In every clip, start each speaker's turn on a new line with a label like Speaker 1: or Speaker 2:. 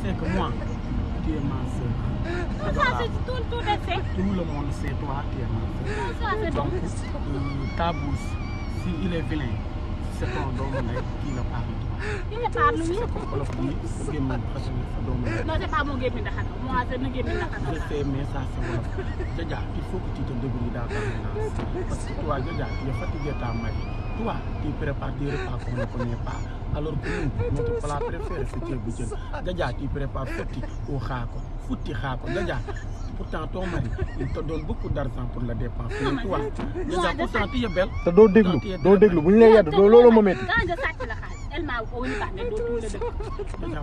Speaker 1: sais que moi, tu es ma soeur. Ça, c'est tout, tout sait. Tout le monde sait toi, tu es ma soeur. Ça, c'est Donc,
Speaker 2: euh,
Speaker 1: ta bouche, si il est vilain, c'est ton domaine qui le parle.
Speaker 2: Il ne parle mieux. C'est comme
Speaker 1: Olof dit, c'est mon domaine. Non, c'est
Speaker 2: pas mon game de Moi, c'est mon game de Je sais,
Speaker 1: mais ça, c'est Olof. Jaja, il faut que tu te débrouilles dans ta menace. Parce que toi, Jaja, tu es fatigué ta mari. Toi, tu prépares des repas qu'on ne connaît pas. alors que nous, notre plat préféré, c'était le déjà tu prépares fouti au fouti pourtant ton mari, il te donne beaucoup d'argent pour la dépense. toi, pourtant tu es belle. Tu tu Vous pas
Speaker 2: Elle m'a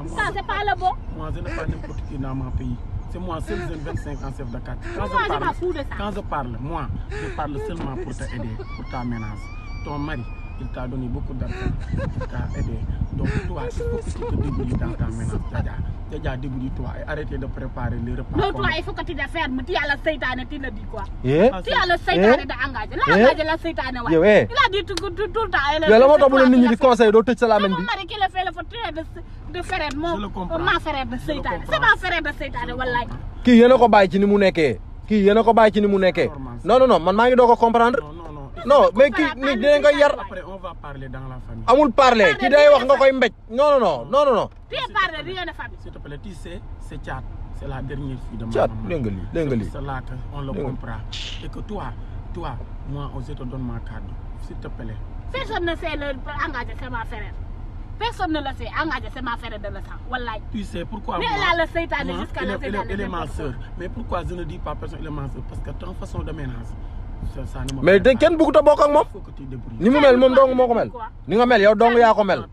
Speaker 2: Ça, c'est pas le bon.
Speaker 1: Moi, je n'ai pas n'importe qui dans mon pays. C'est moi 25 ans chef de je parle, parle, moi, je parle seulement pour t'aider, pour ta menace. Ton mari, il t'a donné beaucoup d'argent, il t'a aidé. Donc toi, il faut que tu te débrouilles dans ta ménage, Dja. Dja, débrouille-toi et arrêtez de préparer les repas. Non, toi, il
Speaker 2: faut que tu te fermes. Tu la seytaane, tu le dis quoi eh? eh? eh? la seytaane de engagé. La seytaane waay. Eh? Il a dit tout, tout, tout le temps. Yow la moo tax bu leen
Speaker 1: di conseil doo tëj sa làmmiñ bi. Ah, Mon
Speaker 2: mari qui le fait, seytaane. C'est ma frère de seytaane, wallaay.
Speaker 1: Kii yéen a ko bàyyi ci ni mu nekkee. Kii yéen a ko bàyyi ci ni mu nekkee. Non, non, non, maa ngi doo comprendre. non mais kii nit dinañ ko yar. après on va parler dans la famille. amul parler ki day wax nga koy mbéj. non non non non non. tu es parler rien de famille. s'il te plaît tu sais c'est chat, c'est la dernière fille de ma maman. Thiat dégg nga c'est là que on le comprend. et que toi toi moi on je te donne ma carte s'il te plaît. personne
Speaker 2: ne sait le engager c'est ma frère. personne ne le sait engagé c'est ma frère de le sang wallaay.
Speaker 1: tu sais pourquoi. mais elle a le seytaane jusqu'à la elle est ma soeur. mais pourquoi je ne dis pas personne il est ma soeur? parce que ton façon de ménage. mais de kenn bëggut a bokk ak moom ni mu mel moom dong moo ko mel ni nga mel yow dong yaa ko mel.